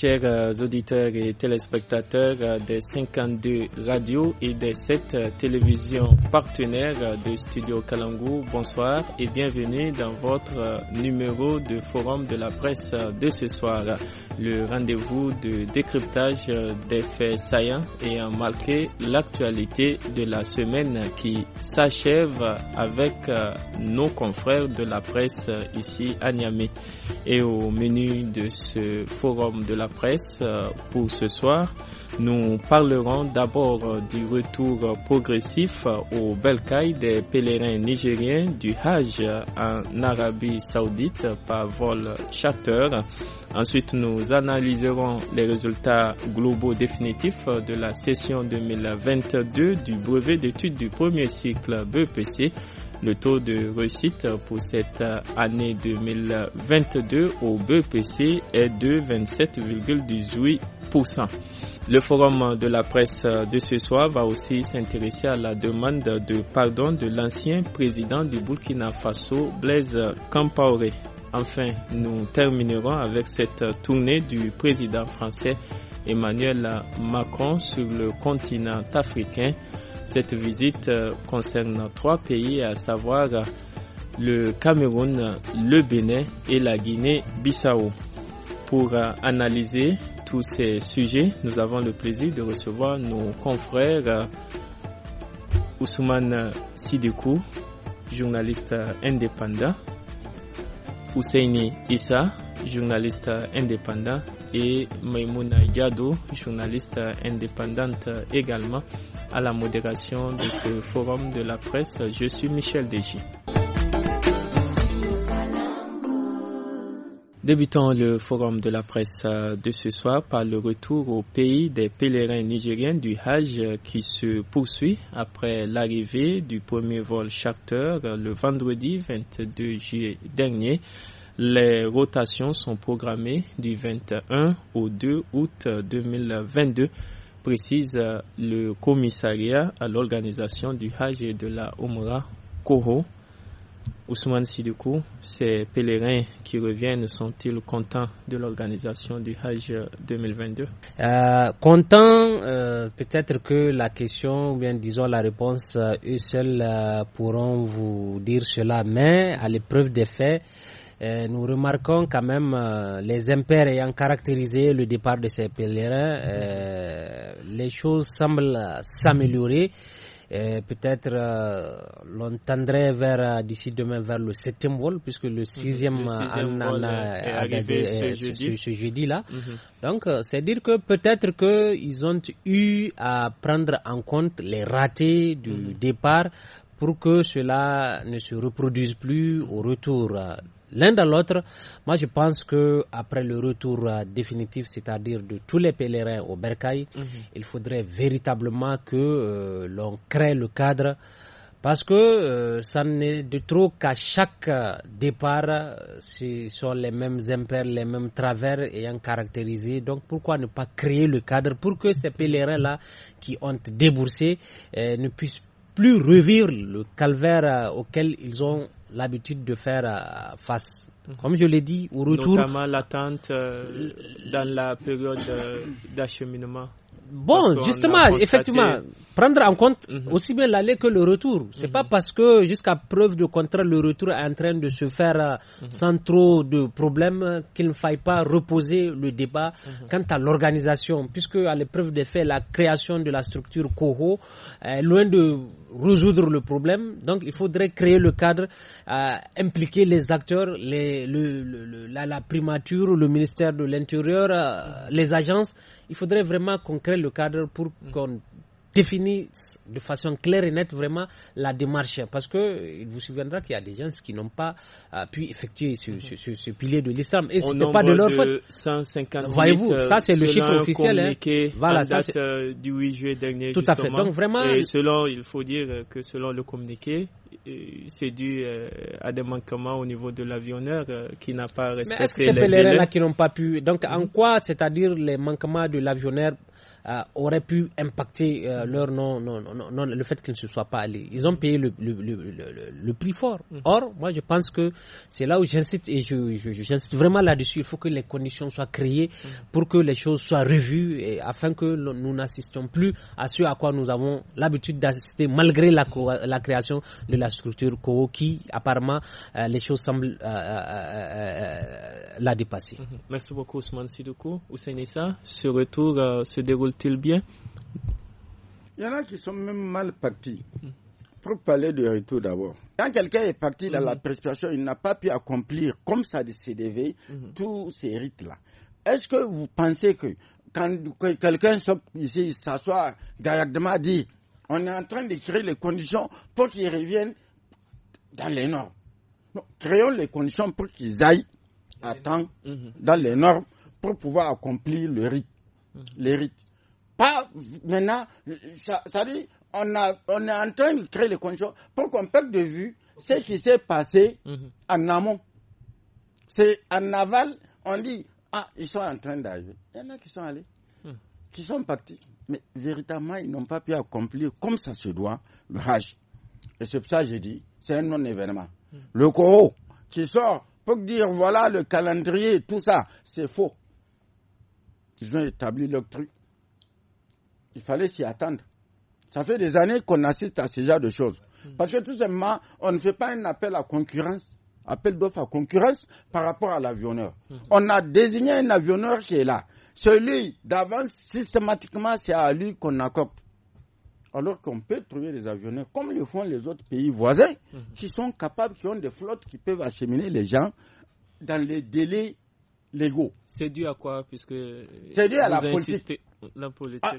chers euh, auditeurs et téléspectateurs euh, des 52 radios et des 7 euh, télévisions partenaires de Studio Kalangou, bonsoir et bienvenue dans votre numéro de Forum de la presse de ce soir. Le rendez-vous de décryptage des faits saillants et en marqué l'actualité de la semaine qui s'achève avec nos confrères de la presse ici à Niamey. Et au menu de ce forum de la presse euh, pour ce soir. Nous parlerons d'abord euh, du retour euh, progressif au Belkaï des pèlerins nigériens du Hajj en Arabie saoudite par vol charter. Ensuite, nous analyserons les résultats globaux définitifs de la session 2022 du brevet d'études du premier cycle BPC. Le taux de réussite pour cette euh, année 2022 au BPC e est de 27,18%. Le forum de la presse de ce soir va aussi s'intéresser à la demande de pardon de l'ancien président du Burkina Faso, Blaise Campaoré. Enfin, nous terminerons avec cette euh, tournée du président français Emmanuel Macron sur le continent africain. Cette visite euh, concerne trois pays, à savoir euh, le Cameroun, le Bénin et la Guinée-Bissau. Pour analyser tous ces sujets, nous avons le plaisir de recevoir nos confrères Ousmane Sidikou, journaliste indépendant, Husseini Issa, journaliste indépendant, et Maimouna Yadou, journaliste indépendante également, à la modération de ce forum de la presse. Je suis Michel Deji. Débutant le forum de la presse euh, de ce soir par le retour au pays des pèlerins nigériens du Hajj euh, qui se poursuit après l'arrivée du premier vol charter euh, le vendredi 22 juillet dernier. Les rotations sont programmées du 21 au 2 août 2022, précise le commissariat à l'organisation du Hajj et de la Omra Koro Ousmane Sidoukou, ces pèlerins qui reviennent sont-ils contents de l'organisation du Hajj 2022 euh, Contents, euh, peut-être que la question, ou bien disons la réponse, euh, eux seuls pourront vous dire cela, mais à l'épreuve des faits, nous remarquons quand même les impairs ayant caractérisé le départ de ces pèlerins, les choses semblent s'améliorer. Et peut-être euh, l'on tendrait vers euh, d'ici demain vers le septième vol, puisque le sixième, euh, est arrivé ce, jeudi. là. Mhm. Donc, c'est dire que peut-être qu'ils ont eu à prendre en compte les ratés du mhm. départ pour que cela ne se reproduise plus au retour l'un dans l'autre. Moi, je pense que après le retour euh, définitif, c'est-à-dire de tous les pèlerins au Bercail, mhm. il faudrait véritablement que euh, l'on crée le cadre parce que euh, ça n'est de trop qu'à chaque départ, ce sont les mêmes impairs, les mêmes travers ayant caractérisé. Donc pourquoi ne pas créer le cadre pour que ces pèlerins-là qui ont déboursé ne puissent plus revivre le calvaire auquel ils ont l'habitude de faire euh, face. Comme je l'ai dit, au retour. Notamment l'attente euh, dans la période euh, d'acheminement. Bon, justement, effectivement, prendre en compte mhm. aussi bien l'aller que le retour. C'est mhm. pas parce que jusqu'à preuve de contraire, le retour est en train de se faire euh, mhm. sans trop de problèmes qu'il ne faille pas reposer le débat quant à l'organisation, puisque à l'épreuve des faits, la création de la structure COHO est loin de résoudre le problème. Donc, il faudrait créer le cadre, euh, impliquer les acteurs, les, la, primature, le ministère de l'Intérieur, euh, les agences. Il faudrait vraiment qu'on crée le cadre pour mm. qu'on définisse de façon claire et nette vraiment la démarche. Parce que il vous souviendra qu'il y a des gens qui n'ont pas euh, pu effectuer mm-hmm. ce, pilier de l'islam. Et ce n'est pas de leur faute. Voyez-vous, ça c'est le chiffre officiel. Hein. Voilà, ça, c'est... Euh, du 8 juillet dernier. Tout à fait. Donc vraiment. Et selon, il faut dire que selon le communiqué, c'est dû euh, à des manquements au niveau de l'avionneur euh, qui n'a pas respecté Mais est-ce que c'est là qui n'ont pas pu... Donc, en quoi, c'est-à-dire les manquements de l'avionneur euh, auraient pu impacter leur non, non, non, le fait qu'ils ne se soient pas allés Ils ont payé le, le, prix fort. Mm. Or, moi, je pense que c'est là où j'insiste, et j'insiste vraiment là-dessus, il faut que les conditions soient créées mm. pour que les choses soient revues et afin que nous n'assistions plus à ce à quoi nous avons l'habitude d'assister malgré la, la création de la structure qui, apparemment, euh, les choses semblent euh, euh, la dépasser. Mhm. Merci beaucoup, Ousmane Sidoukou. ça? ce retour se déroule-t-il bien Il y en a qui sont même mal partis. Mhm. Pour parler de retour d'abord, quand quelqu'un est parti dans la mhm. précipitation, il n'a pas pu accomplir comme ça de CDV tous ces rites-là. Est-ce que vous pensez que quand quelqu'un sort ici, s'assoit directement, dit on est en train de créer les conditions pour qu'ils reviennent dans les normes. créons les conditions pour qu'ils aillent à temps mhm. dans les normes pour pouvoir accomplir le rite. Mhm. Pas maintenant, ça, dit, on, est en train de créer les conditions pour qu'on perde de vue ce qui s'est passé mhm. en amont. C'est en aval, on dit, ah, ils sont en train d'arriver. Il y en a qui sont allés qui sont partis. Mais véritablement, ils n'ont pas pu accomplir comme ça se doit le Hajj. Et c'est pour ça que j'ai dit, c'est un non-événement. Hmm. Le Coran qui sort pour dire voilà le calendrier, tout ça, c'est faux. Ils ont établi le truc. Il fallait s'y attendre. Ça fait des années qu'on assiste à ce genre de choses. Hmm. Parce que tout simplement, on ne fait pas un appel à concurrence, appel d'offres à concurrence par rapport à l'avionneur. Hmm. On a désigné un avionneur qui est là celui d'avance, systématiquement, c'est à lui qu'on accorde. Alors qu'on peut trouver des avionneurs, comme le font les autres pays voisins, mhm. qui sont capables, qui ont des flottes qui peuvent acheminer les gens dans les délais légaux. C'est dû à quoi puisque C'est dû à la ah, politique.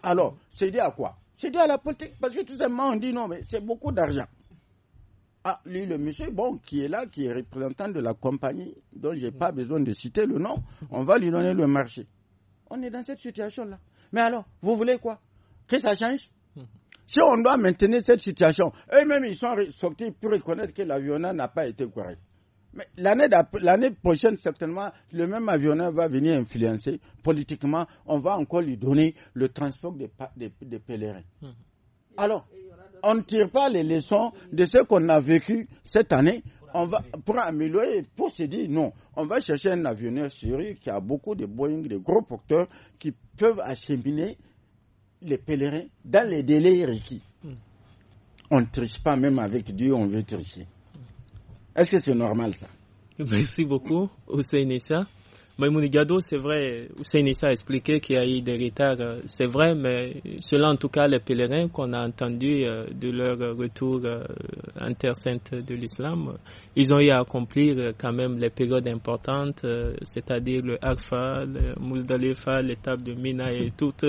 alors, c'est dû à quoi C'est dû à la politique. Parce que tout simplement, on dit non, mais c'est beaucoup d'argent. Ah, lui, le monsieur, bon, qui est là, qui est représentant de la compagnie, dont je n'ai pas mhm. besoin de citer le nom, on va lui donner le marché on est dans cette situation-là. Mais alors, vous voulez quoi Que ça change hum. si on doit maintenir cette situation, eux-mêmes, ils sont sortis pour reconnaître que l'avionnat n'a pas été correct. Mais l'année prochaine, certainement, le même avionnat va venir influencer politiquement. On va encore lui donner le transport des, des, pèlerins. Hum. Alors, on ne tire pas les leçons de ce qu'on a vécu cette année on va, pour améliorer, pour se dire non, on va chercher un avionneur sérieux qui a beaucoup de Boeing, de gros porteurs qui peuvent acheminer les pèlerins dans les délais requis. Hmm. On ne triche pas même avec Dieu, on veut tricher. Est-ce que c'est normal ça Merci beaucoup, Hussein Maïmouni Gado, c'est vrai, Hussein a expliqué qu'il y a eu des retards, euh, c'est vrai, mais cela en tout cas les pèlerins qu'on a entendus euh, de leur retour euh, intersainte de l'islam, ils ont eu à accomplir quand même les périodes importantes, c'est-à-dire le Harfa le Mousdalifa, l'étape de Mina et toutes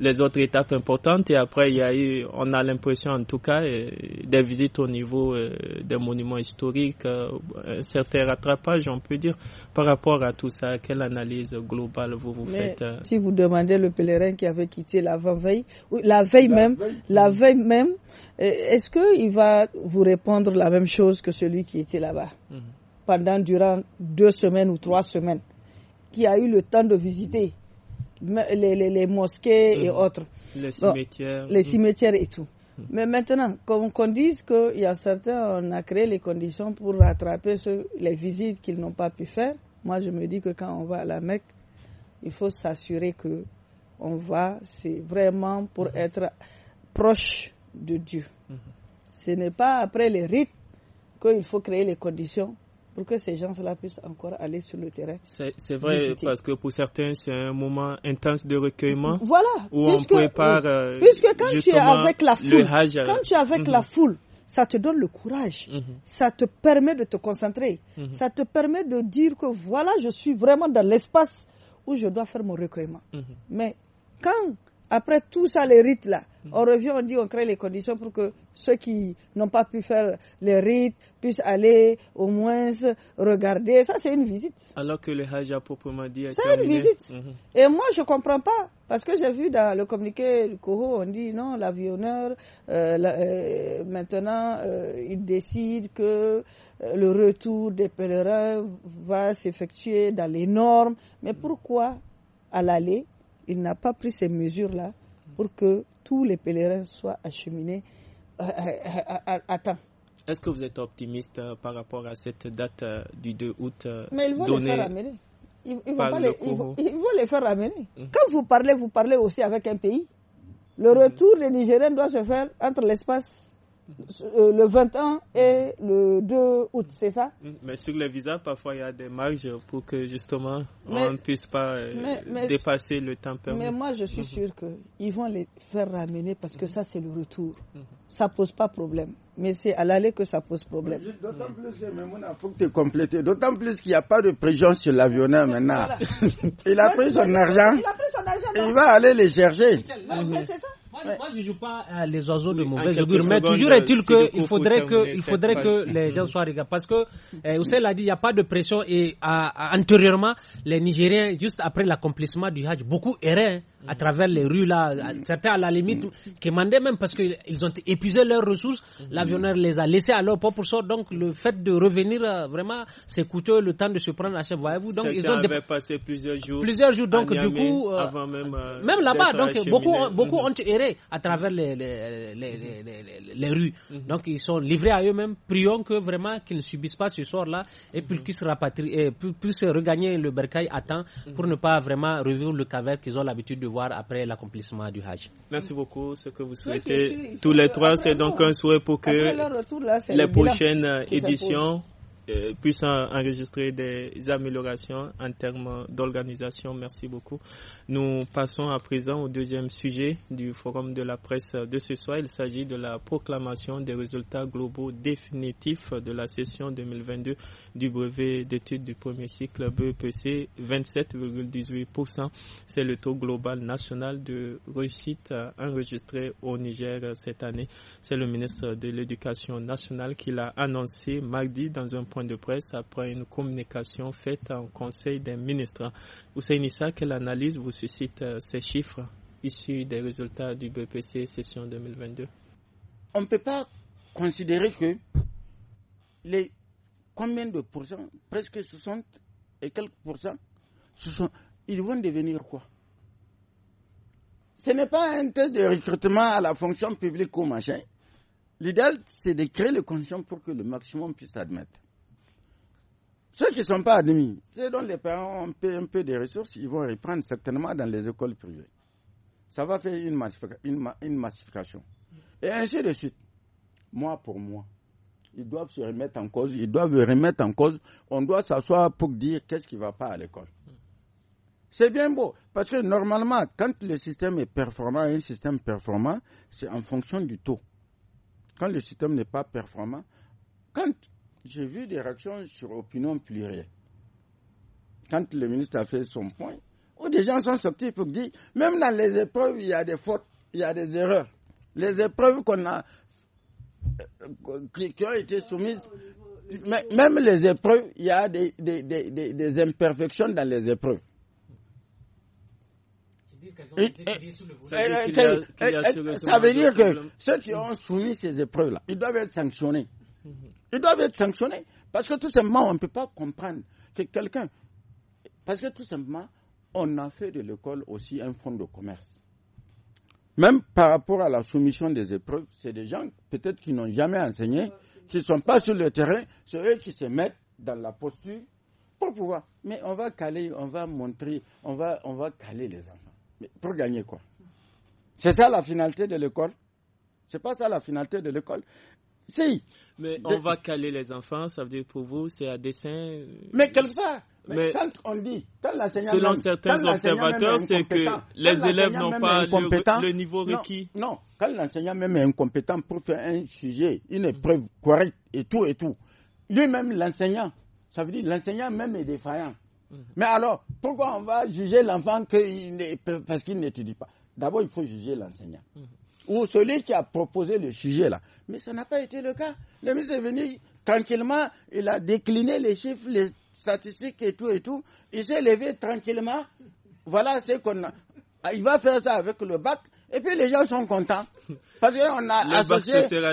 les autres étapes importantes. Et après, il y a eu, on a l'impression en tout cas, des visites au niveau des monuments historiques, certains rattrapages on peut dire, par rapport à tout ça l'analyse analyse globale vous vous faites euh, Si vous demandez le pèlerin qui avait quitté l'avant-veille, la veille même, la veille même, eh, est-ce qu'il va vous répondre la même chose que celui qui était là-bas mhm. pendant, durant deux semaines ou trois semaines, qui a eu le temps de visiter les, mosquées et mhm. autres. Les cimetières. les cimetières et tout. Mhm. Mais maintenant, qu'on dise qu'il y a certains, on a créé les conditions pour rattraper les visites qu'ils n'ont pas pu faire, moi, je me dis que quand on va à la Mecque, il faut s'assurer que on va, c'est vraiment pour mhm. être proche de Dieu. Mhm. Ce n'est pas après les rites qu'il faut créer les conditions pour que ces gens-là puissent encore aller sur le terrain. C'est vrai, parce que pour certains, c'est un moment intense de recueillement. Voilà. Où on prépare. Euh, puisque quand tu es avec la mhm. foule, quand tu es avec la foule, ça te donne le courage, mhm. ça te permet de te concentrer, mhm. ça te permet de dire que voilà, je suis vraiment dans l'espace où je dois faire mon recueillement. Mhm. Mais quand après tout ça, les rites là, hmm. on revient, on dit, on crée les conditions pour que ceux qui n'ont pas pu faire les rites puissent aller au moins regarder. Ça, c'est une visite. Alors que le Hajj a proprement dit. C'est une visite. Hmm, hmm. Et moi, je ne comprends pas. Parce que j'ai vu dans le communiqué du Coho, on dit non, l'avionneur, euh, euh maintenant, euh, il décide que euh, le retour des pèlerins va s'effectuer dans les normes. Mais pourquoi, à l'aller, il n'a pas pris ces mesures-là pour que tous les pèlerins soient acheminés à, euh, euh, euh, temps. Est-ce que vous êtes optimiste par rapport à cette date du 2 août Mais ils vont les faire ramener. Ils, vont les, faire ramener. Quand vous parlez, vous parlez aussi avec un pays. Le retour des Nigériens doit se faire entre l'espace euh, le 21 et le 2 août, c'est ça mm, Mais sur les visas, parfois, il y a des marges pour que justement, on ne puisse pas euh, dépasser le temps permis. Mais moi, je suis mm-hmm. sûre que ils qu'ils vont les faire ramener parce que mm-hmm. ça, c'est le retour. Mm-hmm. Ça pose pas problème. Mais c'est à l'aller que ça pose problème. D'autant plus que, faut que D'autant plus qu'il n'y a pas de prison sur l'avionnaire maintenant. il, a pris son argent. Il, il va aller les chercher. c'est ça. Moi, je ne joue pas les oiseaux de mauvais augure, mais toujours est-il qu'il faudrait que, il faudrait que les gens soient regardés. Parce que, euh, l'a dit, il n'y a pas de pression. Et ah, antérieurement, les Nigériens, juste après l'accomplissement du Hajj, beaucoup erraient. Hein à travers les rues, là, mm. certains à la limite mm. qui demandaient même parce qu'ils ont épuisé leurs ressources, mm. l'avionneur les a laissés à leur propre sort. Donc le fait de revenir, euh, vraiment, c'est coûteux le temps de se prendre à chaque voyez-vous. Donc ils ont passé plusieurs jours. Plusieurs jours, donc du coup, euh, euh, même, là-bas, donc beaucoup, beaucoup mm-hmm. ont erré à travers les, les, rues. Mm-hmm. Donc ils sont livrés à eux-mêmes, prions que vraiment qu'ils ne subissent pas ce sort-là et puis qu'ils mm-hmm. se puissent regagner le bercail à temps pour ne pas vraiment revivre le caverne qu'ils ont l'habitude de après l'accomplissement du Hajj. Merci beaucoup. Ce que vous souhaitez tous les trois, c'est donc un souhait pour que les prochaines éditions euh, puissent enregistrer des améliorations en termes d'organisation. Merci beaucoup. Nous passons à présent au deuxième sujet du forum de la presse de ce soir. Il s'agit de la proclamation des résultats globaux définitifs de la session 2022 du brevet d'études du premier cycle BEPC e 27,18%. C'est le taux global national de réussite enregistré au Niger cette année. C'est le ministre de l'Éducation nationale qui l'a annoncé mardi dans un point de presse après une communication faite en Conseil des ministres. Hussein Issa, que l'analyse vous suscite euh, ces chiffres issus des résultats du BPC session 2022 On ne peut pas considérer que les combien de pourcents, presque 60 et quelques pourcents, sont, ils vont devenir quoi Ce n'est pas un test de recrutement à la fonction publique ou machin. L'idéal, c'est de créer les conditions pour que le maximum puisse admettre. Ceux qui ne sont pas admis, ceux dont les parents ont un peu, de ressources, ils vont reprendre certainement dans les écoles privées. Ça va faire une, massification. Et ainsi de suite. Moi pour moi. Ils doivent se remettre en cause. Ils doivent remettre en cause. On doit s'asseoir pour dire qu'est-ce qui ne va pas à l'école. C'est bien beau. Parce que normalement, quand le système est performant, un système performant, c'est en fonction du taux. Quand le système n'est pas performant, quand j'ai vu des réactions sur opinion plurielle. Quand le ministre a fait son point, où des gens sont sortis pour dire, même dans les épreuves, il y a des fautes, il y a des erreurs. Les épreuves qu'on a, euh, qui ont été soumises, même les épreuves, il y a des imperfections dans les épreuves. Ça veut dire que ceux qui ont soumis ces épreuves-là, ils doivent être sanctionnés. Mhm. Ils doivent être sanctionnés. Parce que tout simplement, on ne peut pas comprendre que quelqu'un. Parce que tout simplement, on a fait de l'école aussi un fonds de commerce. Même par rapport à la soumission des épreuves, c'est des gens peut-être qui n'ont jamais enseigné, qui ne sont pas sur le terrain, c'est eux qui se mettent dans la posture pour pouvoir. Mais on va caler, on va montrer, on va, caler les enfants. Mais pour gagner quoi C'est ça la finalité de l'école. C'est pas ça la finalité de l'école. Si. Mais on va caler les enfants, ça veut dire pour vous, c'est à dessein. Euh, mais quel fait mais quand on dit, quand selon certains observateurs, c'est que les élèves n'ont pas le, niveau requis. Non, quand l'enseignant même est incompétent pour faire un sujet, une épreuve correcte et tout et tout, lui-même l'enseignant, ça veut dire l'enseignant même est défaillant. Mhm. Mais alors, pourquoi on va juger l'enfant parce qu'il n'étudie pas D'abord, il faut juger l'enseignant. Mhm ou celui qui a proposé le sujet là. Mais ça n'a pas été le cas. Le ministre est venu tranquillement, il a décliné les chiffres, les statistiques et tout et tout. Il s'est levé tranquillement. Voilà ce qu'on a. Ah, il va faire ça avec le bac. Et puis les gens sont contents. Parce qu'on a associé, on,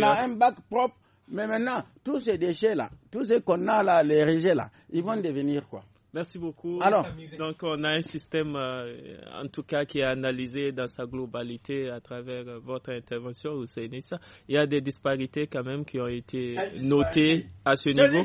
a un bac propre. Mais maintenant, tous ces déchets là, tous ces qu'on a là, les rejets là, ils vont devenir quoi Merci beaucoup. Alors, donc on a un système, euh, en tout cas, qui est analysé dans sa globalité à travers euh, votre intervention, Husseinissa. Il y a des disparités quand même qui ont été ah, notées à ce niveau.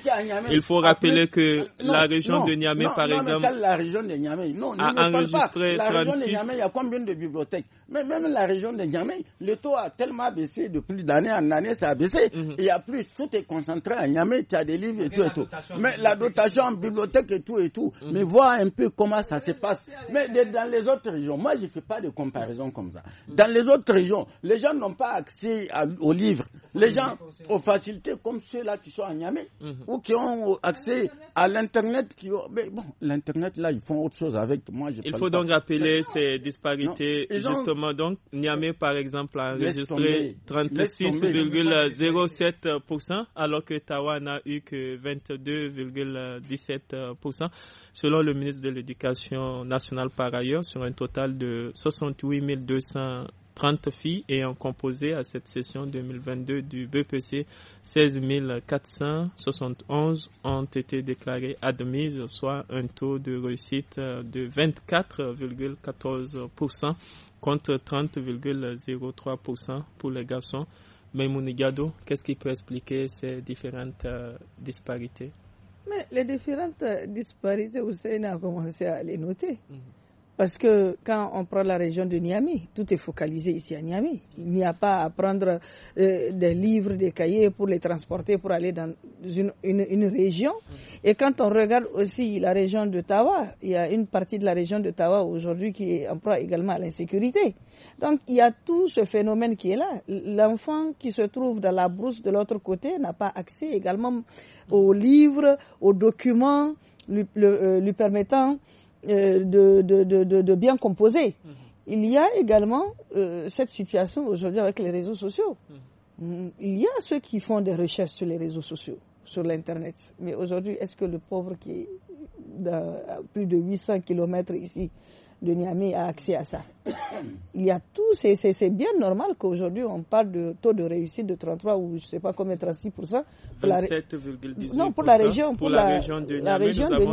Il faut rappeler que euh, la région de Niamey, par exemple, la région de Niamey, non, a enregistré La région de Niamey, il y a combien de bibliothèques mais même la région de Niamey, le taux a tellement baissé depuis plus d'année en année, ça a baissé. Mhm. Il y a plus, tout est concentré à Niamey, tu as des livres et tout et tout. Mais la dotation en bibliothèque et tout et tout. Mhm. Mais voir un peu comment ça se passe. Mais dans les autres régions, moi je ne fais pas de comparaison comme ça. Mhm. Dans les autres régions, les gens n'ont pas accès aux livres. Les mhm. gens aux facilités comme ceux-là qui sont à Niamey ou qui ont accès à l'Internet. Qui Mais bon, l'Internet là, ils font autre chose avec. Moi, je Il faut donc rappeler ces disparités. Justement, donc, Niamey par exemple a enregistré 36,07% alors que Tawa n'a eu que 22,17% selon le ministre de l'Éducation nationale par ailleurs, sur un total de 68 230 filles ayant composé à cette session 2022 du BPC, 16 471 ont été déclarées admises, soit un taux de réussite de 24,14% contre 30,03% pour les garçons. Mais Mounigado, qu'est-ce qui peut expliquer ces différentes euh, disparités mais les différentes disparités, Hussein a commencé à les noter. Mhm. Parce que quand on prend la région de Niamey, tout est focalisé ici à Niamey. Il n'y a pas à prendre euh, des livres, des cahiers pour les transporter pour aller dans une, une, une, région. Et quand on regarde aussi la région de Tawa, il y a une partie de la région de Tawa aujourd'hui qui est en proie également à l'insécurité. Donc il y a tout ce phénomène qui est là. L'enfant qui se trouve dans la brousse de l'autre côté n'a pas accès également aux livres, aux documents lui, euh, lui permettant euh, de, bien composer. Mhm. Il y a également euh, cette situation aujourd'hui avec les réseaux sociaux. Mhm. Mm, il y a ceux qui font des recherches sur les réseaux sociaux, sur l'Internet. Mais aujourd'hui, est-ce que le pauvre qui est à plus de 800 km ici de Niamey a accès à ça. Il y a tout, c'est bien normal qu'aujourd'hui on parle de taux de réussite de 33 ou je ne sais pas combien, 36 pour Non, pour la région, pour, la, région de Niamey. pour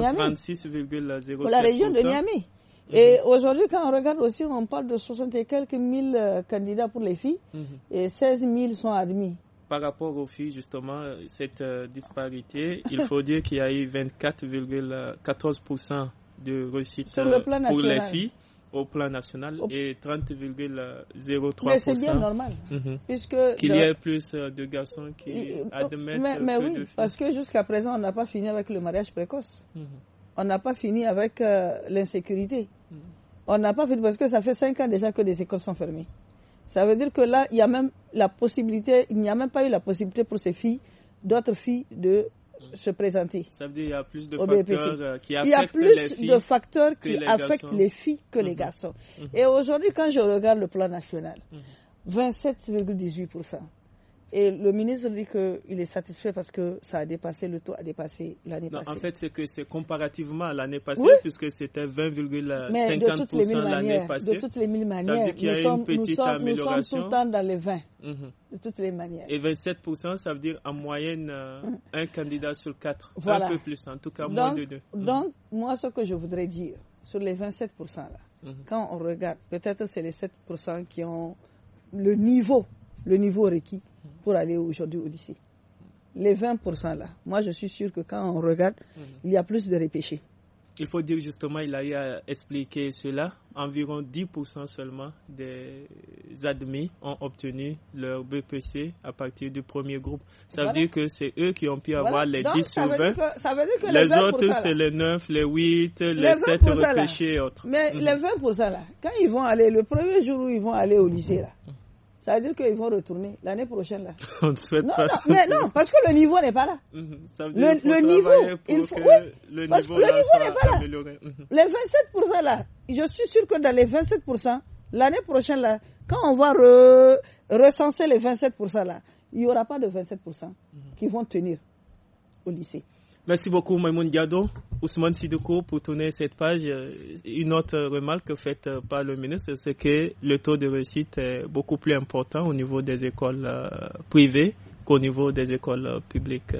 la région de Niamey. Mhm. Et aujourd'hui, quand on regarde aussi, on parle de 60 et quelques mille euh, candidats pour les filles mhm. et 16 000 sont admis par rapport aux filles, justement, cette euh, disparité, il faut dire qu'il y a eu 24,14% de réussite le euh, pour les filles au plan national et 30,03%. Mais c'est bien normal. Mhm. Qu'il y ait plus euh, de garçons qui admettent. Mais, mais oui, parce que jusqu'à présent, on n'a pas fini avec le mariage précoce. Mhm. On n'a pas fini avec euh, l'insécurité. Mhm. On n'a pas fini parce que ça fait 5 ans déjà que des écoles sont fermées. Ça veut dire que là, il y a même la possibilité, il n'y a même pas eu la possibilité pour ces filles, d'autres filles, de se présenter. Il y a plus de facteurs qui affectent les filles que les mm-hmm. garçons. Mm-hmm. Et aujourd'hui, quand je regarde le plan national, 27,18%. Mm-hmm. Et le ministre dit qu'il est satisfait parce que ça a dépassé, le taux a dépassé l'année passée. En fait, c'est que c'est comparativement à l'année passée, puisque c'était 20,50% l'année passée. De toutes les mille manières, ça veut dire qu'il y a une petite amélioration. Nous dans les 20, mhm. de toutes les manières. Et 27%, ça veut dire en moyenne euh, un candidat sur quatre, un peu plus, en tout cas moins de deux. Mhm. Donc, moi, ce que je voudrais dire sur les 27% là, mhm. quand on regarde, peut-être c'est les 7% qui ont le niveau, le niveau requis pour aller aujourd'hui au lycée. Les 20% là, moi je suis sûr que quand on regarde, mhm. il y a plus de répéchés. Il faut dire justement, il a expliqué cela, environ 10% seulement des admis ont obtenu leur BPC à partir du premier groupe. Ça veut dire que c'est eux qui ont pu avoir les 10 sur 20. ça veut dire que les, autres, c'est les 9, les 8, les, 7 repêchés et autres. Mais mhm. les 20% là, quand ils vont aller, le premier jour où ils vont aller au lycée là, mhm. Ça veut dire qu'ils vont retourner l'année prochaine. Là. On souhaite non, pas. Non, non, parce que le niveau n'est pas là. Mhm. le, niveau, le niveau, n'est pas là. Mhm. Les 27% là, je suis sûr que dans les 27%, l'année prochaine là, quand on va recenser les 27% là, il n'y aura pas de 27% mhm. qui vont tenir au lycée. Merci beaucoup, Maïmoun Diado. Ousmane Sidoukou, pour tourner cette page, euh, une autre remarque faite euh, par le ministre, c'est que le taux de réussite est beaucoup plus important au niveau des écoles euh, privées qu'au niveau des écoles publiques.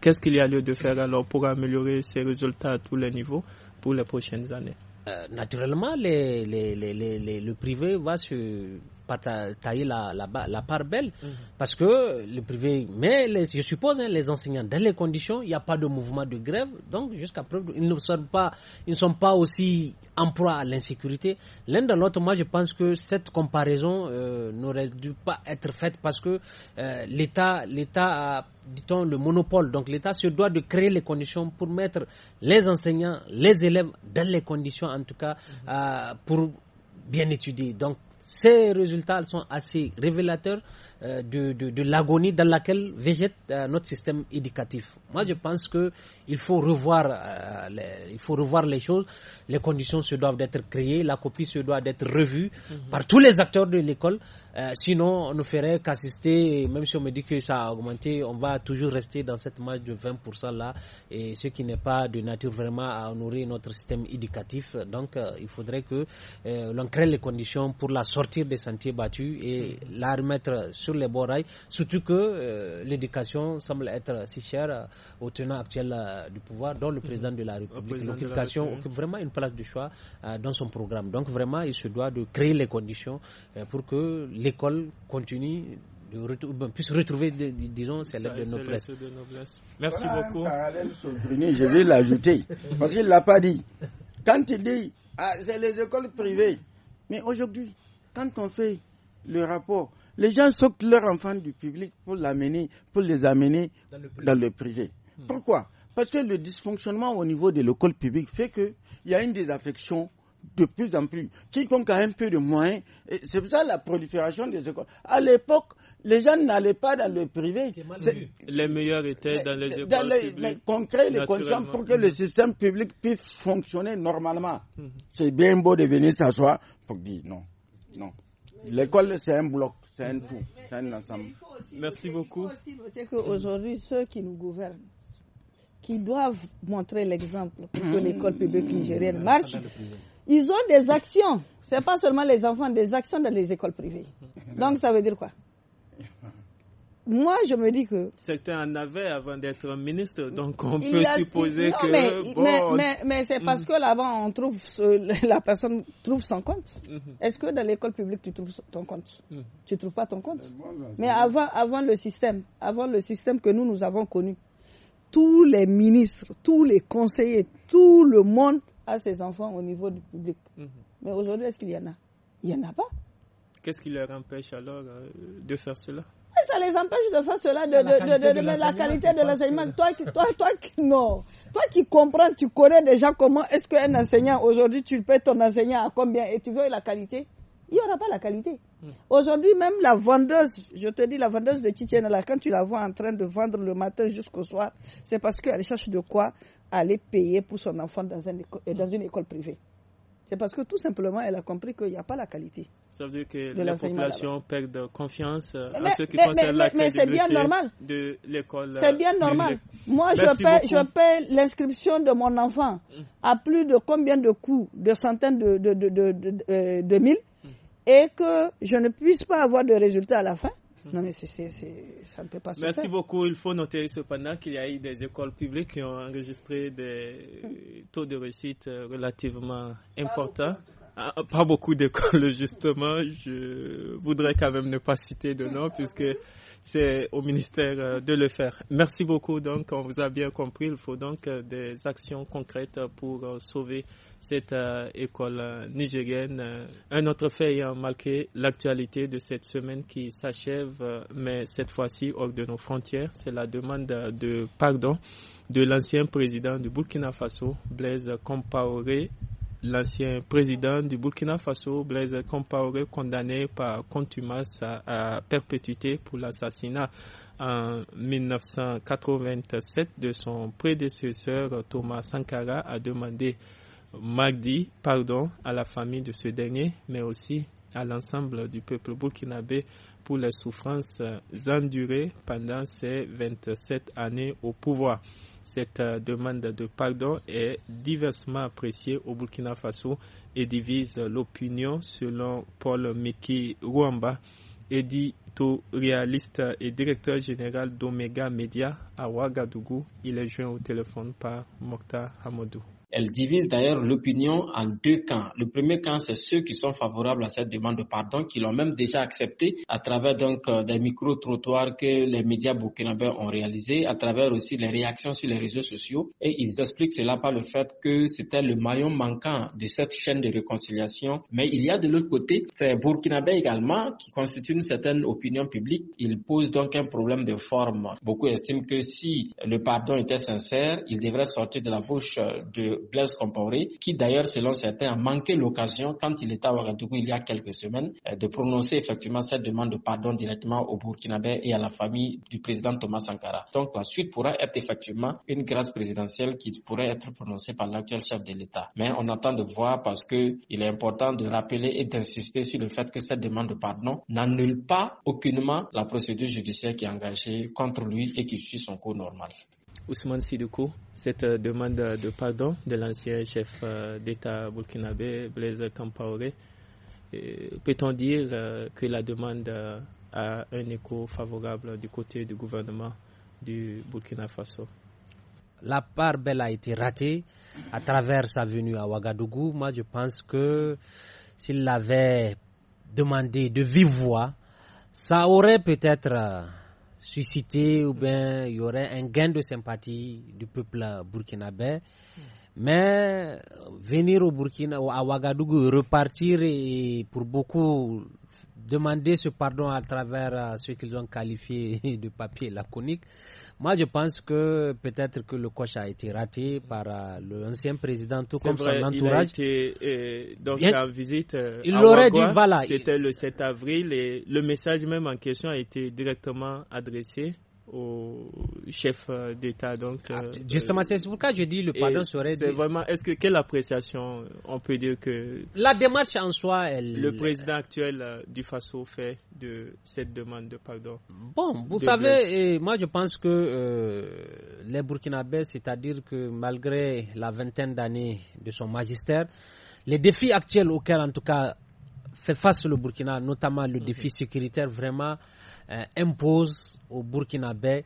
Qu'est-ce qu'il y a lieu de faire alors pour améliorer ces résultats à tous les niveaux pour les prochaines années Naturellement, le privé va se tailler la, part belle, mhm. parce que le privé, mais je suppose, hein, les enseignants, dans les conditions, il n'y a pas de mouvement de grève, donc jusqu'à preuve, ils ne sont pas, ils sont pas aussi en proie à l'insécurité. L'un dans l'autre, moi, je pense que cette comparaison euh, n'aurait dû pas être faite parce que euh, l'État, a, dit-on, le monopole. Donc l'État se doit de créer les conditions pour mettre les enseignants, les élèves dans les conditions, en tout cas, mhm. euh, pour bien étudier. Donc ces résultats sont assez révélateurs euh, de, de, de l'agonie dans laquelle végète euh, notre système éducatif. Moi, je pense qu'il faut, revoir, euh, les, il faut revoir les choses. Les conditions se doivent d'être créées, la copie se doit d'être revue mhm. par tous les acteurs de l'école. sinon, on ne ferait qu'assister, même si on me dit que ça a augmenté, on va toujours rester dans cette marge de 20% là, et ce qui n'est pas de nature vraiment à nourrir notre système éducatif. Donc, il faudrait que l'on crée les conditions pour la sortir des sentiers battus et mhm. la remettre sur les bons surtout que euh, l'éducation semble être si chère euh, au tenant actuel euh, du pouvoir, dont le mhm. président de la République. l'éducation occupe vraiment une place de choix dans son programme. Donc vraiment, il se doit de créer les conditions pour que l'école continue de puisse retrouver, disons, celle de noblesse. de Merci beaucoup. je vais l'ajouter, parce qu'il ne l'a pas dit. Quand il dit, ah, c'est les écoles privées, mais aujourd'hui, quand on fait le rapport les gens sortent leurs enfants du public pour, l'amener, pour les amener dans le privé. Hmm. Pourquoi Parce que le dysfonctionnement au niveau de l'école publique fait qu'il y a une désaffection de plus en plus. Quiconque a un peu de moyens, c'est pour ça la prolifération des écoles. À l'époque, les gens n'allaient pas dans le privé. Les meilleurs étaient dans les écoles publiques. Mais qu'on crée les conditions pour que le hmm. système public puisse fonctionner normalement. Hmm. C'est bien beau de venir s'asseoir pour dire non. Non. L'école, c'est un bloc c'est un tout, c'est un ensemble. Merci beaucoup. Il faut aussi noter qu'aujourd'hui, ceux qui nous gouvernent, qui doivent montrer l'exemple pour que l'école publique nigérienne mm. marche, ils ont des actions. Ce n'est pas seulement les enfants, des actions dans les écoles privées. Mm. Donc ça veut dire quoi moi, je me dis que. C'était un avait avant d'être ministre, donc on peut supposer que. Mais, c'est mm. parce que là-bas, on trouve la personne trouve son compte. Mm-hmm. Est-ce que dans l'école publique, tu trouves ton compte mm. Tu trouves pas ton compte. mais avant, avant le système, avant le système que nous nous avons connu, tous les ministres, tous les conseillers, tout le monde a ses enfants au niveau du public. Mm-hmm. Mais aujourd'hui, est-ce qu'il y en a Il n'y en a pas. Qu'est-ce qui leur empêche alors euh, de faire cela ça les empêche de faire cela, de, de, la qualité de l'enseignement. Toi, toi, toi, non. Toi qui comprends, tu connais déjà comment est-ce qu'un enseignant, aujourd'hui, tu payes ton enseignant à combien et tu veux la qualité Il n'y aura pas la qualité. Hmm. Aujourd'hui, même la vendeuse, je te dis, la vendeuse de Titienne, là, quand tu la vois en train de vendre le matin jusqu'au soir, c'est parce qu'elle cherche de quoi aller payer pour son enfant dans, euh, dans une école privée c'est parce que tout simplement, elle a compris qu'il n'y a pas la qualité. Ça veut dire que population population de confiance en euh, à ceux qui concerne la c'est bien normal. de l'école. C'est bien euh, normal. Moi, je paie, je l'inscription de mon enfant mm. à plus de combien de coûts De centaines de, de, euh, mm. Et que je ne puisse pas avoir de résultats à la fin. Non, mais ça ne peut pas se Merci beaucoup. Il faut noter cependant qu'il y a eu des écoles publiques qui ont enregistré des taux de réussite euh, relativement importants. Ah, pas beaucoup d'écoles, justement. Je voudrais quand même ne pas citer de nom, puisque c'est au ministère euh, de le faire. Merci beaucoup. Donc, on vous a bien compris. Il faut donc euh, des actions concrètes pour euh, sauver cette école nigérienne. Un autre fait ayant marqué l'actualité de cette semaine qui s'achève, mais cette fois-ci hors de nos frontières, c'est la demande de pardon de l'ancien président du Burkina Faso, Blaise Compaoré, l'ancien président du Burkina Faso, Blaise Compaoré, condamné par contumace à, perpétuité pour l'assassinat en 1987 de son prédécesseur Thomas Sankara, a demandé mardi pardon à la famille de ce dernier, mais aussi à l'ensemble du peuple burkinabé pour les souffrances endurées pendant ces 27 années au pouvoir. Cette euh, demande de pardon est diversement appréciée au Burkina Faso et divise l'opinion selon Paul Meki Rwamba, édito-réaliste et directeur général d'Omega Media à Ouagadougou. Il est joint au téléphone par Mokta Hamadou. Elle divise d'ailleurs l'opinion en deux camps. Le premier camp, c'est ceux qui sont favorables à cette demande de pardon, qui l'ont même déjà accepté à travers donc euh, des micro-trottoirs que les médias burkinabés ont réalisés, à travers aussi les réactions sur les réseaux sociaux. Et ils expliquent cela par le fait que c'était le maillon manquant de cette chaîne de réconciliation. Mais il y a de l'autre côté, c'est burkinabés également qui constituent une certaine opinion publique. Ils posent donc un problème de forme. Beaucoup estiment que si le pardon était sincère, il devrait sortir de la bouche euh, de Blaise Compaoré, qui d'ailleurs, selon certains, a manqué l'occasion quand il était à Ouagadougou il y a quelques semaines euh, de prononcer effectivement cette demande de pardon directement au Burkinabé et à la famille du président Thomas Sankara. Donc la suite pourra être effectivement une grâce présidentielle qui pourrait être prononcée par l'actuel chef de l'État. Mais on attend de voir parce que il est important de rappeler et d'insister sur le fait que cette demande de pardon n'annule pas aucunement la procédure judiciaire qui est engagée contre lui et qui suit son cours normal. Ousmane Sidoukou cette euh, demande de pardon de l'ancien chef euh, d'État burkinabé Blaise Campaoré. Peut-on dire euh, que la demande a un écho favorable du côté du gouvernement du Burkina Faso la part belle a été ratée à travers sa venue à Ouagadougou. Moi, je pense que s'il l'avait demandé de vive voix, ça aurait peut-être susciter ou bien il y aurait un gain de sympathie du peuple burkinabé. Hmm. Mais euh, venir au Burkina, à Ouagadougou, repartir et pour beaucoup demander ce pardon à travers euh, ce qu'ils ont qualifié de papier laconique. Moi, je pense que peut-être que le coach a été raté par euh, l'ancien président, tout comme son entourage. Il a été, euh, donc visite à C'était le 7 avril et le message même en question a été directement adressé au chef euh, d'État. Donc, ah, euh, justement, c'est pourquoi je dis le pardon serait. vraiment. Est-ce que quelle appréciation on peut dire que la démarche en soi, elle. Le président actuel euh, du Faso fait de cette demande de pardon. Bon, vous savez, et moi je pense que les Burkinabés, c'est-à-dire que malgré la vingtaine d'années de son magistère, les défis actuels auxquels en tout cas fait face le Burkina, notamment le défi sécuritaire, vraiment euh, impose aux Burkinabés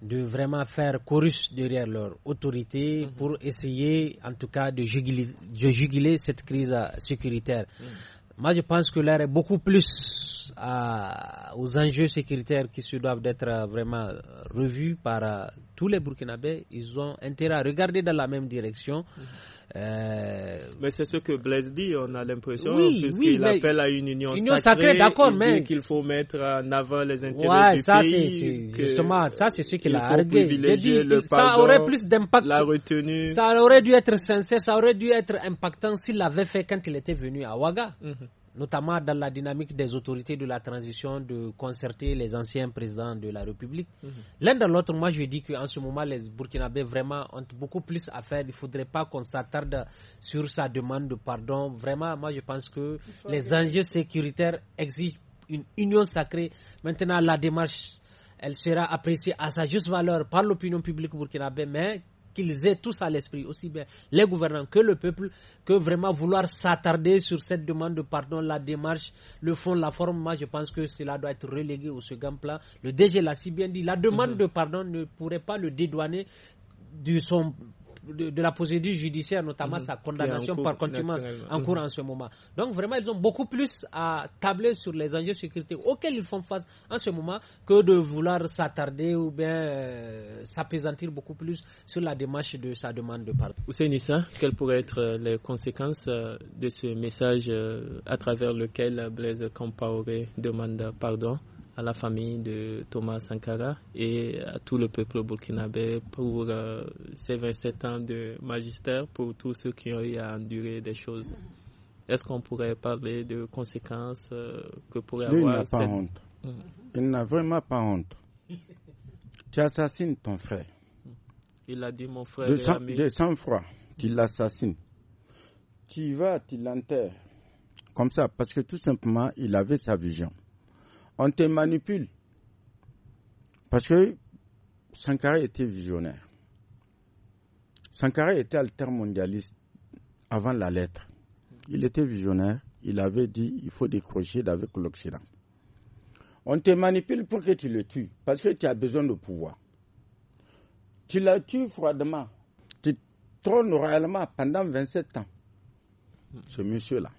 de vraiment faire chorus derrière leur autorité mhm. pour essayer en tout cas de juguler, cette crise sécuritaire. Mhm. Moi, je pense que l'air est beaucoup plus aux enjeux sécuritaires qui se doivent d'être vraiment revus par euh, tous les Burkinabés. Ils ont intérêt à regarder dans la même direction. Mhm. Euh... Mais c'est ce que Blaise dit, on a l'impression, puisqu'il appelle à une union, union sacrée, d'accord, mais qu'il faut mettre en avant les intérêts ouais, du ça, pays. C'est, justement, ça c'est ce qu'il a argué. Dit, le ça aurait plus d'impact. La retenue. Ça aurait dû être sincère, ça aurait dû être impactant s'il l'avait fait quand il était venu à Ouaga. Mhm notamment dans la dynamique des autorités de la transition, de concerter les anciens présidents de la République. Mhm. L'un dans l'autre, moi je dis qu'en ce moment, les Burkinabés vraiment ont beaucoup plus à faire. Il ne faudrait pas qu'on s'attarde sur sa demande de pardon. Vraiment, moi je pense que les enjeux sécuritaires exigent une union sacrée. Maintenant, la démarche elle sera appréciée à sa juste valeur par l'opinion publique burkinabé, mais qu'ils aient tous à l'esprit, aussi bien les gouvernants que le peuple, que vraiment vouloir s'attarder sur cette demande de pardon, la démarche, le fond, la forme. Moi, je pense que cela doit être relégué au second plan. Le DG l'a si bien dit, la demande mhm. de pardon ne pourrait pas le dédouaner de son de, la procédure judiciaire, notamment mhm. sa condamnation par contumace en cours mhm. en ce moment. Donc vraiment, ils ont beaucoup plus à tabler sur les enjeux de sécurité auxquels ils font face en ce moment que de vouloir s'attarder ou bien euh, s'apaisantir beaucoup plus sur la démarche de sa demande de pardon. Nissa, quelles pourraient être euh, les conséquences euh, de ce message à travers lequel Blaise Compaoré demande pardon à la famille de Thomas Sankara et à tout le peuple burkinabé pour euh, ses ces 27 ans de magistère, pour tous ceux qui ont eu à endurer des choses. Est-ce qu'on pourrait parler de conséquences euh, que pourrait Lui avoir Il n'a pas honte. Hmm. Il n'a vraiment pas honte. tu assassines ton frère. Il a dit mon frère. De, sang, de sang-froid, tu l'assassines. Tu y vas, tu l'enterres. Comme ça, parce que tout simplement, il avait sa vision on te manipule. Parce que Sankara était visionnaire. Sankara était mondialiste avant la lettre. Il était visionnaire. Il avait dit il faut décrocher avec l'Occident. On te manipule pour que tu le tues, parce que tu as besoin de pouvoir. Tu la tues froidement. Tu trônes royalement pendant 27 ans. Ce monsieur-là.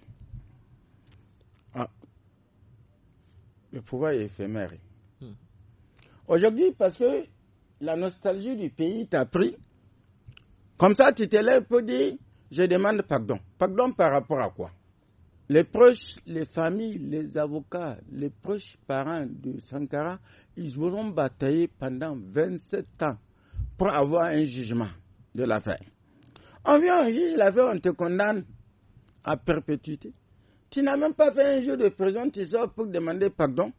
le pouvoir est éphémère. Hmm. Aujourd'hui, parce que la nostalgie du pays t'a pris, comme ça, tu te lèves pour dire Je demande pardon. Pardon par rapport à quoi Les proches, les familles, les avocats, les proches parents de Sankara, ils vont batailler pendant 27 ans pour avoir un jugement de l'affaire. On vient, on l'affaire, on te condamne à perpétuité. Tu n'as même pas fait un jour de prison, tu sors pour demander pardon.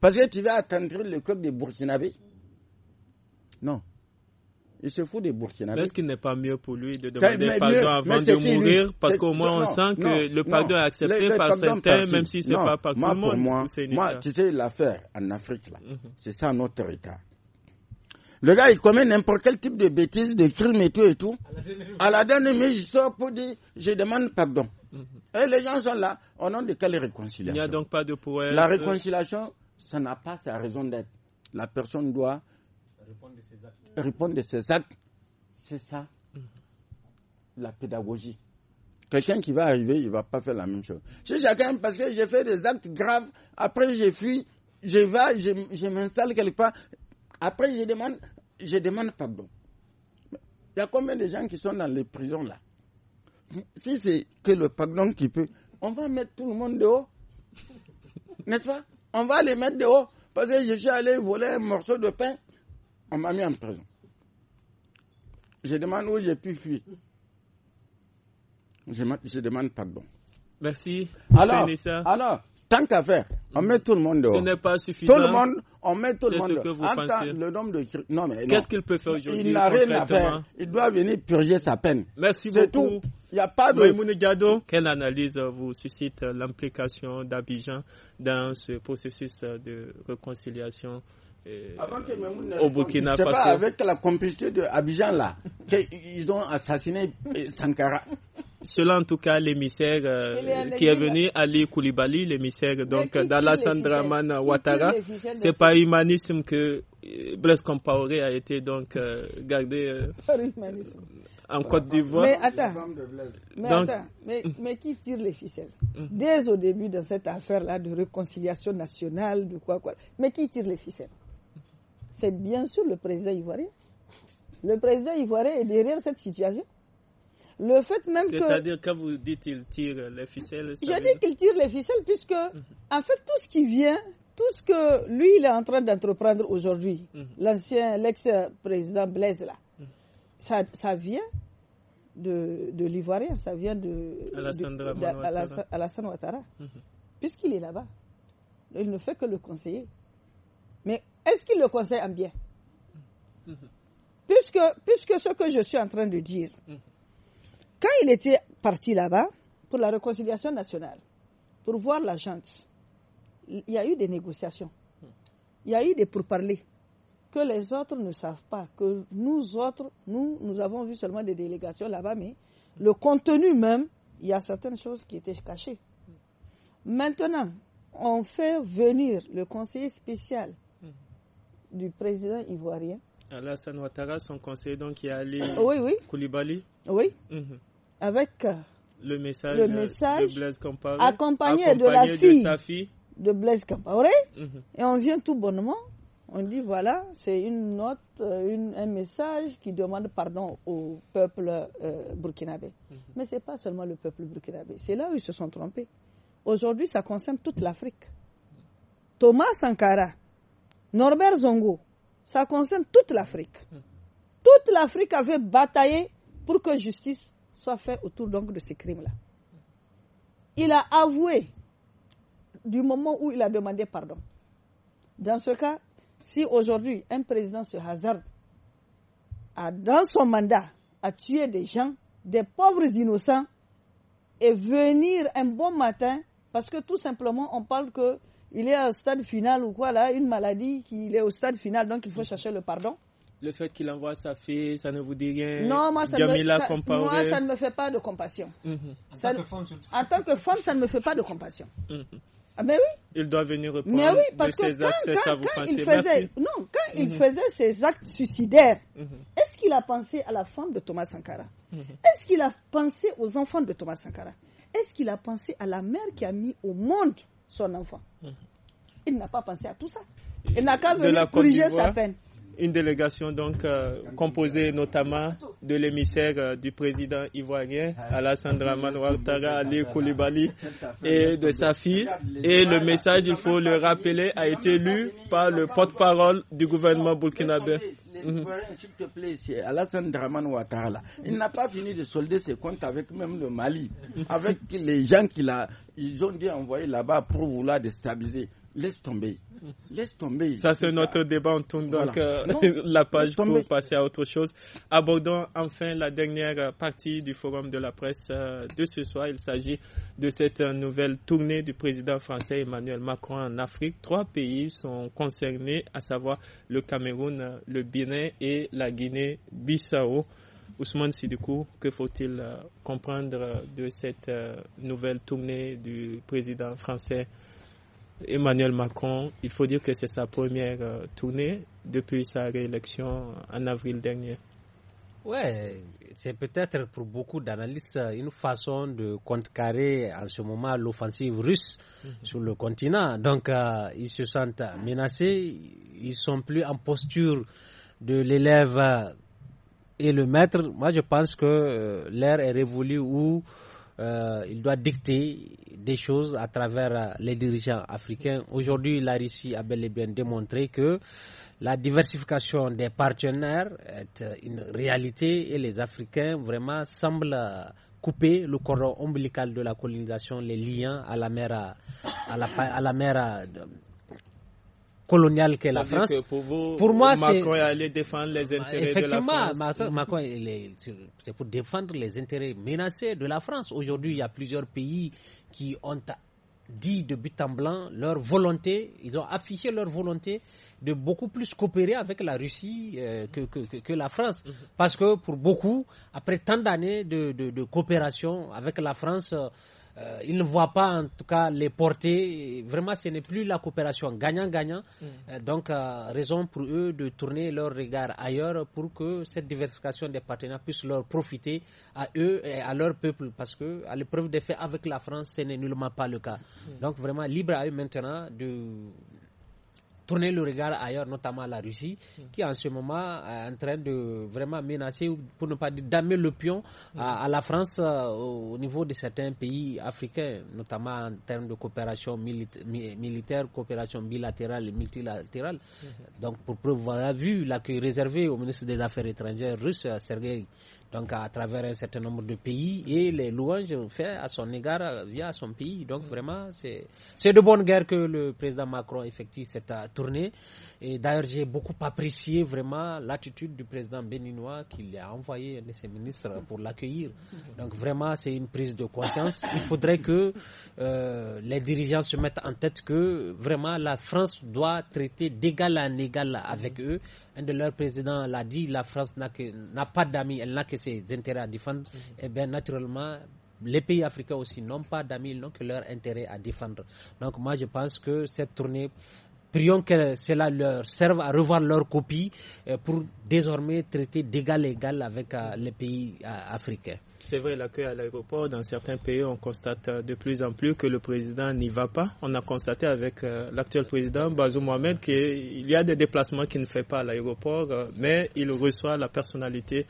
Parce que tu vas attendre le club des Burkinabés. Non. Il se fout des Burkinabés. Est-ce qu'il n'est pas mieux pour lui de demander pardon avant de mourir Parce qu'au moins, on sent que le pardon est accepté par certains, même si ce n'est pas par moi, tout le monde. Moi, tu sais, l'affaire en Afrique, là, mhm. c'est ça notre état. Le gars, il commet n'importe quel type de bêtise, de crime et tout et tout. À la dernière minute, je sors pour dire, je demande pardon. Mhm. Et les gens sont là. Au nom de quelle réconciliation Il n'y a donc pas de poète. La réconciliation, ça n'a pas sa raison d'être. La personne doit répondre de ses actes. C'est ça, mhm. la pédagogie. Quelqu'un qui va arriver, il ne va pas faire la même chose. Chez chacun, parce que j'ai fait des actes graves, après j'ai fui, je vais, je, je m'installe quelque part, après je demande, je demande pardon. Il y a combien de gens qui sont dans les prisons là si c'est que le pardon qui peut, on va mettre tout le monde dehors. N'est-ce pas On va les mettre dehors. Parce que je suis allé voler un morceau de pain, on m'a mis en prison. Je demande où j'ai pu fuir. Je, je demande pardon. Merci. Alors, tant qu'à faire, on met tout le monde dehors. Ce n'est pas suffisant. Tout le monde, on met tout le monde dehors. le nombre de... Non, mais Qu'est-ce qu'il peut faire aujourd'hui Il n'a rien à faire. Il doit venir purger sa peine Merci beaucoup. Il n'y a pas de... quelle analyse vous suscite l'implication d'Abidjan dans ce processus de réconciliation euh, au Burkina Faso. pas avec la complicité d'Abidjan là qu'ils ont assassiné euh, Sankara. Cela, en tout cas l'émissaire euh, qui est venu, Ali Koulibaly, l'émissaire donc euh, d'Alassane Draman Ouattara, c'est pas humanisme que euh, Blaise Compaoré a été donc gardé en Côte d'Ivoire. Mais attends, mais, hum. mais, qui tire les ficelles hum. Dès au début dans cette affaire-là de réconciliation nationale, de quoi quoi, mais qui tire les ficelles C'est bien sûr le président ivoirien. Le président ivoirien est derrière cette situation. Le fait même que. C'est-à-dire, quand vous dites qu'il tire les ficelles. je dis qu'il tire les ficelles, puisque, mhm. en fait, tout ce qui vient, tout ce que lui, il est en train d'entreprendre aujourd'hui, mhm. l'ancien, l'ex-président Blaise, là, mhm. ça, vient de, de l'Ivoirien, ça vient de. Alassane Ouattara. Puisqu'il est là-bas. Il ne fait que le conseiller. Mais est-ce qu'il le conseille en bien puisque, puisque ce que je suis en train de dire, quand il était parti là-bas pour la réconciliation nationale, pour voir la gente, il y a eu des négociations. Il y a eu des pourparlers que les autres ne savent pas, que nous autres, nous, nous avons vu seulement des délégations là-bas, mais le contenu même, il y a certaines choses qui étaient cachées. Maintenant, on fait venir le conseiller spécial du président ivoirien. Alassane Ouattara, son conseiller donc qui est allé oui, Koulibaly. Oui. Mhm avec euh, le message, de Blaise Compaoré, accompagné, de la fille, sa fille de, Blaise Compaoré. Mhm. Et on vient tout bonnement, on dit voilà, c'est une note, euh, un message qui demande pardon au peuple euh, burkinabé. Mhm. Mais ce n'est pas seulement le peuple burkinabé, c'est là où ils se sont trompés. Aujourd'hui, ça concerne toute l'Afrique. Thomas Sankara, Norbert Zongo, ça concerne toute l'Afrique. Mhm. Toute l'Afrique avait bataillé pour que justice soit fait autour donc de ces crimes là Il a avoué du moment où il a demandé pardon. Dans ce cas, si aujourd'hui un président se hasarde à, dans son mandat, à tuer des gens, des pauvres innocents, et venir un bon matin, parce que tout simplement on parle qu'il il est au stade final ou quoi là, une maladie, qu'il est au stade final, donc il faut chercher le pardon le fait qu'il envoie sa fille, ça ne vous dit rien Non, moi, ça, me, moi, ça ne me fait pas de compassion. Mm-hmm. en, tant que femme, ça ne me fait pas de compassion. Mm-hmm. mais oui. Il doit venir répondre mais oui, parce que quand, il faisait, Non, quand il mm-hmm. faisait ses actes suicidaires, est-ce qu'il a pensé à la femme de Thomas Sankara Est-ce qu'il a pensé aux enfants de Thomas Sankara Est-ce qu'il a pensé à la mère qui a mis au monde son enfant Il n'a pas pensé à tout ça. Il n'a qu'à venir corriger sa peine une délégation donc euh, composée notamment de l'émissaire euh, du président ivoirien Alassane Draman Ouattara Ali Koulibaly et de sa fille et le message il faut le rappeler a été lu par le porte-parole du gouvernement burkinabé mhm. s'il te plaît, Il n'a pas fini de solder ses comptes avec même le Mali, avec les gens qu'il a, ils ont dû envoyer là-bas pour vouloir déstabiliser laisse tomber. Laisse tomber. Ça, c'est notre débat. On tourne donc euh, la page pour passer à autre chose. Abordons enfin la dernière partie du forum de la presse euh, de ce soir. Il s'agit de cette euh, nouvelle tournée du président français Emmanuel Macron en Afrique. Trois pays sont concernés, à savoir le Cameroun, le Bénin et la Guinée-Bissau. Ousmane Sidikou, que faut-il comprendre de cette nouvelle tournée du président français Emmanuel Macron, il faut dire que c'est sa première euh, tournée depuis sa réélection en avril dernier. Ouais, c'est peut-être pour beaucoup d'analystes une façon de contrecarrer en ce moment l'offensive russe mhm. sur le continent. Donc, euh, ils se sentent menacés, ils sont plus en posture de l'élève et le maître. Moi, je pense que euh, l'ère est révolue où euh, il doit dicter des choses à travers euh, les dirigeants africains. Aujourd'hui, la Russie a bel et bien démontré que la diversification des partenaires est euh, une réalité et les Africains vraiment semblent couper le cordon ombilical de la colonisation, les liens à la mer, à la, à la mer colonial qu'est la France. pour, vous, Macron est allé défendre les bah, intérêts de la France. Macron, c'est pour défendre les intérêts menacés de la France. Aujourd'hui, il y a plusieurs pays qui ont dit de but en blanc leur volonté, ils ont affiché leur volonté de beaucoup plus coopérer avec la Russie euh, que, la France. Mm-hmm. Parce que pour beaucoup, après tant d'années de, coopération avec la France, euh, euh, ils ne voient pas en tout cas les portées. Vraiment, ce n'est plus la coopération gagnant-gagnant. Mm. Euh, donc, euh, raison pour eux de tourner leur regard ailleurs pour que cette diversification des partenaires puisse leur profiter à eux et à leur peuple. Parce que, à l'épreuve des faits avec la France, ce n'est nullement pas le cas. Mm. Donc, vraiment, libre à eux maintenant de tourner le regard ailleurs, notamment la Russie, hmm. qui en ce moment est en train de vraiment menacer, pour ne pas dire damer le pion à, hmm. la France euh, au niveau de certains pays africains, notamment en termes de coopération militaire, coopération bilatérale et multilatérale. Hmm. Donc, pour preuve, voilà, vu l'accueil réservé au ministre des Affaires étrangères russe, Sergueï donc à travers un certain nombre de pays et les louanges fait à son égard euh, via son pays. Donc vraiment, c'est de bonne guerre que le président Macron effectue cette euh, tournée. Et d'ailleurs, j'ai beaucoup apprécié vraiment l'attitude du président béninois qu'il a envoyé de ses ministres pour l'accueillir. Donc vraiment, c'est une prise de conscience. Il faudrait que euh, les dirigeants se mettent en tête que vraiment la France doit traiter d'égal en égal avec eux un de leurs présidents l'a dit, la France n'a pas d'amis, elle n'a que ses intérêts à défendre, mm-hmm. et eh bien naturellement, les pays africains aussi n'ont pas d'amis, ils n'ont que leurs intérêts à défendre. Donc moi je pense que cette tournée Prions que cela leur serve à revoir leur copie euh, pour désormais traiter d'égal à égal avec euh, les pays euh, africains. C'est vrai, l'accueil à l'aéroport, dans certains pays, on constate de plus en plus que le président n'y va pas. On a constaté avec l'actuel président, Bazou Mohamed, qu'il y a des déplacements qu'il ne fait pas à l'aéroport, mais il reçoit la personnalité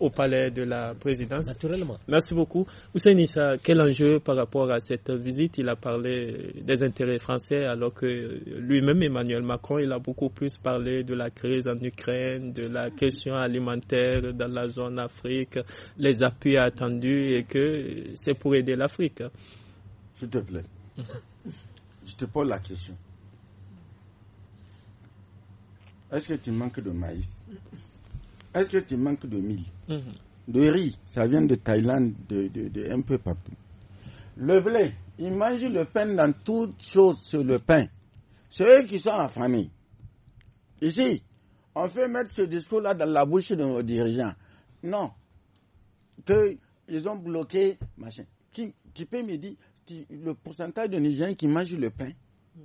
au palais de la présidence. Naturellement. Merci beaucoup. Hussein Issa, quel enjeu par rapport à cette visite Il a parlé des intérêts français alors que lui-même, Emmanuel Macron, il a beaucoup plus parlé de la crise en Ukraine, de la question alimentaire dans la zone Afrique, les appuis attendus et que c'est pour aider l'Afrique. S'il te plaît, je te pose la question. Est-ce que tu manques de maïs est-ce que tu manques de mille mhm. De riz, ça vient de Thaïlande, de, un peu partout. Le blé, ils mangent le pain dans toutes choses sur le pain. C'est eux qui sont affamés. Ici, on fait mettre ce discours-là dans la bouche de nos dirigeants. Non. Ils ont bloqué, machin. Tu, peux me dire le pourcentage de Nigériens qui mangent le pain mm.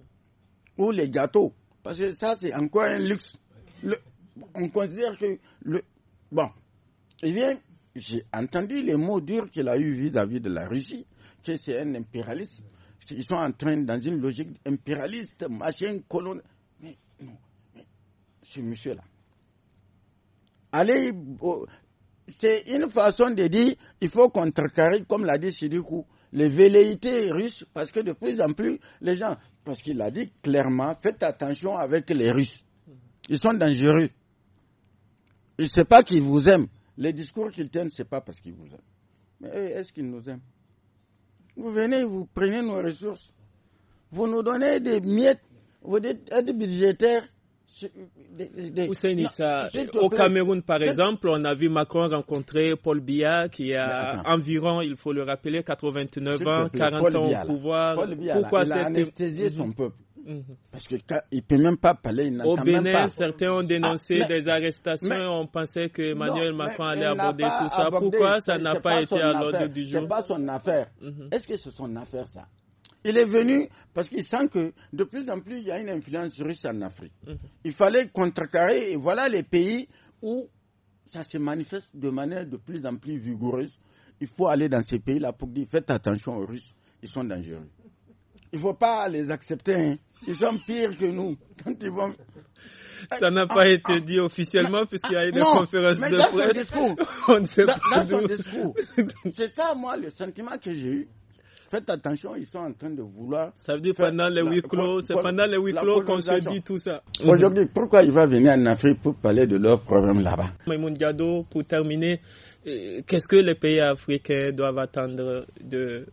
ou les gâteaux. Parce que ça, c'est encore un luxe on considère que le. Bon, eh bien, j'ai entendu les mots durs qu'il a eu vis-à-vis de la Russie, que c'est un impérialisme. Ils sont en train, dans une logique impérialiste, machin, colonne. Mais non, mais ce monsieur-là. Allez, c'est une façon de dire, il faut contrecarrer, comme l'a dit Sidikou, les velléités russes, parce que de plus en plus, les gens, parce qu'il a dit clairement, faites attention avec les Russes. Ils sont dangereux. Il ne sait pas qu'il vous aime. Les discours qu'il tient, ce n'est pas parce qu'il vous aime. Mais eh, est-ce qu'il nous aime Vous venez, vous prenez nos ressources. Vous nous donnez des miettes. Vous dites aide budgétaire. Nissa, au Cameroun, par exemple, on a vu Macron rencontrer Paul Biya, qui a environ, il faut le rappeler, 89 ans, 40 ans au pouvoir. Pourquoi il a anesthésié son peuple. Parce qu'il ne peut même pas parler. Au Bénin, certains ont ah, dénoncé des arrestations on pensait que Emmanuel Macron allait aborder tout ça. Pourquoi ça n'a pas, été à l'ordre du jour C'est pas son affaire. Mhm. Est-ce que c'est son affaire, ça il est venu parce qu'il sent que de plus en plus, il y a une influence russe en Afrique. Mhm. Il fallait contrecarrer, et voilà les pays où ça se manifeste de manière de plus en plus vigoureuse. Il faut aller dans ces pays-là pour dire faites attention aux Russes, ils sont dangereux. Il ne faut pas les accepter. Hein. Ils sont pires que nous. Ça n'a pas ah, été ah. dit officiellement, puisqu'il y a eu des conférences de presse. on ne sait pas dans son discours. C'est ça, moi, le sentiment que j'ai eu. Faites attention, ils sont en train de vouloir. Ça veut dire pendant les huis clos, c'est pendant les huis clos qu'on se dit tout ça. Aujourd'hui, pourquoi ils vont venir en Afrique pour parler de leurs problèmes là-bas Maïmoun Diado, pour terminer, euh, qu'est-ce que les pays africains doivent attendre de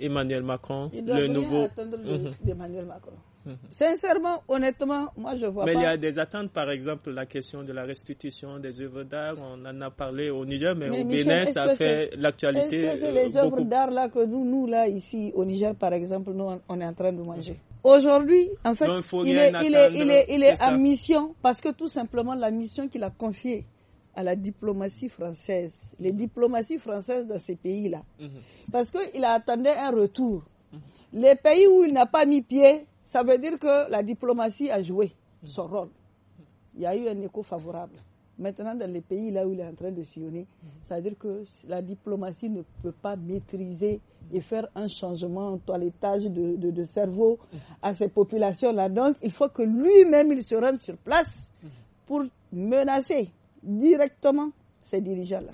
euh, Macron, le nouveau mhm. Macron. Mhm. Sincèrement, honnêtement, moi je vois pas. Mais il y a des attentes, par exemple, la question de la restitution des œuvres d'art. On en a parlé au Niger, mais, au Bénin, ça fait l'actualité. est que c'est les euh, œuvres d'art là que nous, nous là ici au Niger, par exemple, nous on est en train de manger. Mhm. Aujourd'hui, en fait, il, est, il, est, il, est, en mission parce que tout simplement la mission qu'il a confiée à la diplomatie française, les diplomaties françaises dans ces pays-là, mhm. parce que parce qu'il attendait un retour. Les pays où il n'a pas mis pied, ça veut dire que la diplomatie a joué son rôle. Il y a eu un écho favorable. Maintenant, dans les pays là où il est en train de sillonner, ça veut dire que la diplomatie ne peut pas maîtriser et faire un changement en toilettage de, de cerveau à ces populations-là. Donc, il faut que lui-même, il se rende sur place pour menacer directement ces dirigeants-là.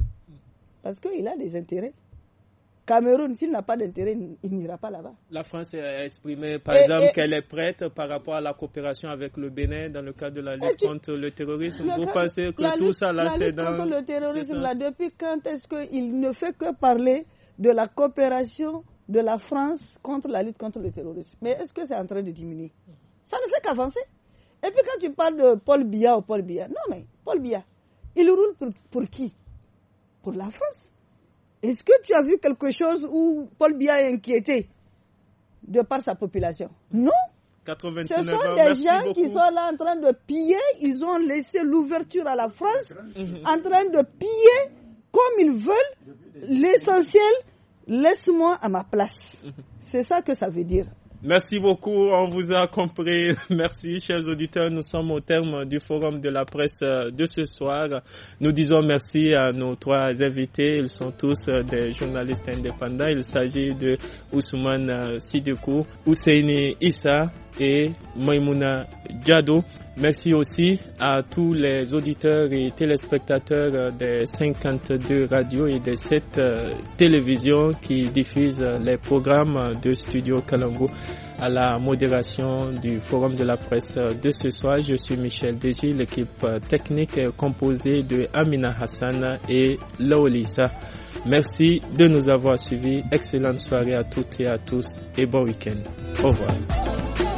Parce qu'il a des intérêts Cameroun, s'il n'a pas d'intérêt, il n'ira pas là-bas. La France a exprimé, par exemple, qu'elle est prête par rapport à la coopération avec le Bénin dans le cadre de la lutte contre le terrorisme. Vous pensez que tout ça, là, c'est dans... contre le terrorisme, là, depuis quand est-ce qu'il ne fait que parler de la coopération de la France contre la lutte contre le terrorisme Mais est-ce que c'est en train de diminuer Ça ne fait qu'avancer. Et puis quand tu parles de Paul Biya ou Paul Biya, non mais Paul Biya, il roule pour qui Pour la France est-ce que tu as vu quelque chose où Paul Biya est inquiété de par sa population Non. Ce sont des gens qui sont là en train de piller. Ils ont laissé l'ouverture à la France, en train de piller comme ils veulent. L'essentiel, laisse-moi à ma place. Mhm. C'est ça que ça veut dire. Merci beaucoup, on vous a compris. Merci, chers auditeurs. Nous sommes au terme du forum de la presse euh, de ce soir. Nous disons merci à nos trois invités. Ils sont tous euh, des journalistes indépendants. Il s'agit de Ousmane euh, Sidikou, Husseini Issa et Maimouna Diado. Merci aussi à tous les auditeurs et téléspectateurs euh, des 52 radios et des 7 euh, télévisions qui diffusent euh, les programmes de Studio Kalango à la modération du Forum de la presse de ce soir. Je suis Michel Déji, L'équipe technique composée de Amina Hassan et Laolissa. Merci de nous avoir suivis. Excellente soirée à toutes et à tous et bon week-end. Au revoir.